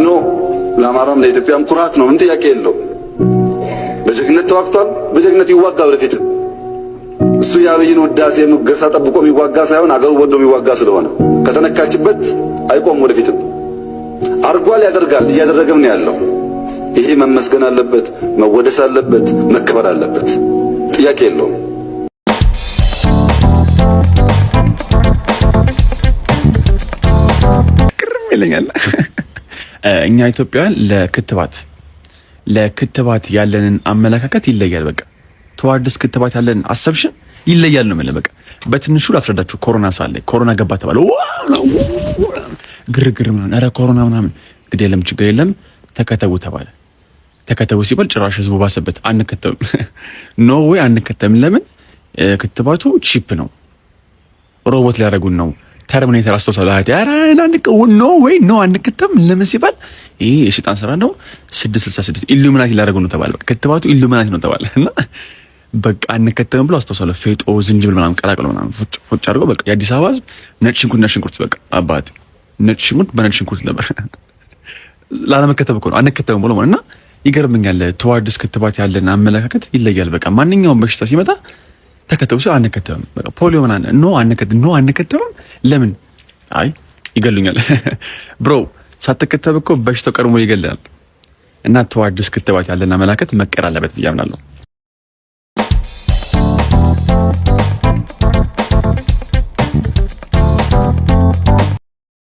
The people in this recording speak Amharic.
ፋኖ ለአማራም ለኢትዮጵያም ኩራት ነው። ምን ጥያቄ የለው። በጀግነት ተዋግቷል። በጀግነት ይዋጋ ወደፊት። እሱ የአብይን ውዳሴ ምገሳ ጠብቆ የሚዋጋ ሳይሆን አገሩ ወዶ የሚዋጋ ስለሆነ ከተነካችበት አይቆም ወደፊትም አርጓል፣ ያደርጋል፣ እያደረገም ነው ያለው። ይሄ መመስገን አለበት፣ መወደስ አለበት፣ መከበር አለበት። ጥያቄ የለውም። ይለኛል። እኛ ኢትዮጵያውያን ለክትባት ለክትባት ያለንን አመለካከት ይለያል። በቃ ተዋርድስ ክትባት ያለን አሰብሽን ይለያል ነው የምልህ። በቃ በትንሹ ላስረዳችሁ። ኮሮና ሳለ ኮሮና ገባ ተባለ፣ ግርግር ምናምን፣ ኧረ ኮሮና ምናምን፣ ግድ የለም ችግር የለም ተከተቡ ተባለ። ተከተቡ ሲባል ጭራሽ ህዝቡ ባሰበት፣ አንከተብም። ኖ ወይ አንከተብም። ለምን? ክትባቱ ቺፕ ነው፣ ሮቦት ሊያደርጉን ነው ተርሚኔተር አስተውሳለሁ። ኖ ወይ ኖ አንከተም ለምን ሲባል ይሄ የሰይጣን ስራ ነው። 666 ኢሉሚናቲ ላደረገው ነው ተባለ። ክትባቱ ኢሉሚናቲ ነው ተባለ እና በቃ አንከተም ብሎ አስተውሳለሁ። ፌጦ ዝንጅብል ምናምን ቀላቅሎ ምናምን ፎጭ አድርጎ በቃ የአዲስ አበባ ህዝብ ነጭ ሽንኩርት ነጭ ሽንኩርት በቃ አባት ነጭ ሽንኩርት በነጭ ሽንኩርት ነበር። ላለመከተብ እኮ ነው አንከተም ብሎ ማለት እና ይገርምኛል። ተዋርድስ ክትባት ያለን አመለካከት ይለያል። በቃ ማንኛውም በሽታ ሲመጣ ተከተሉ ሲሉ አንከተብም። ፖሊዮ ምናምን ኖ አንከተብም፣ ኖ አንከተብም። ለምን አይ ይገሉኛል። ብሮ ሳትከተብ እኮ በሽታው ቀድሞ ይገላል። እና ተዋድስ ክትባት ያለን አመላከት መቀር አለበት ብዬ አምናለሁ።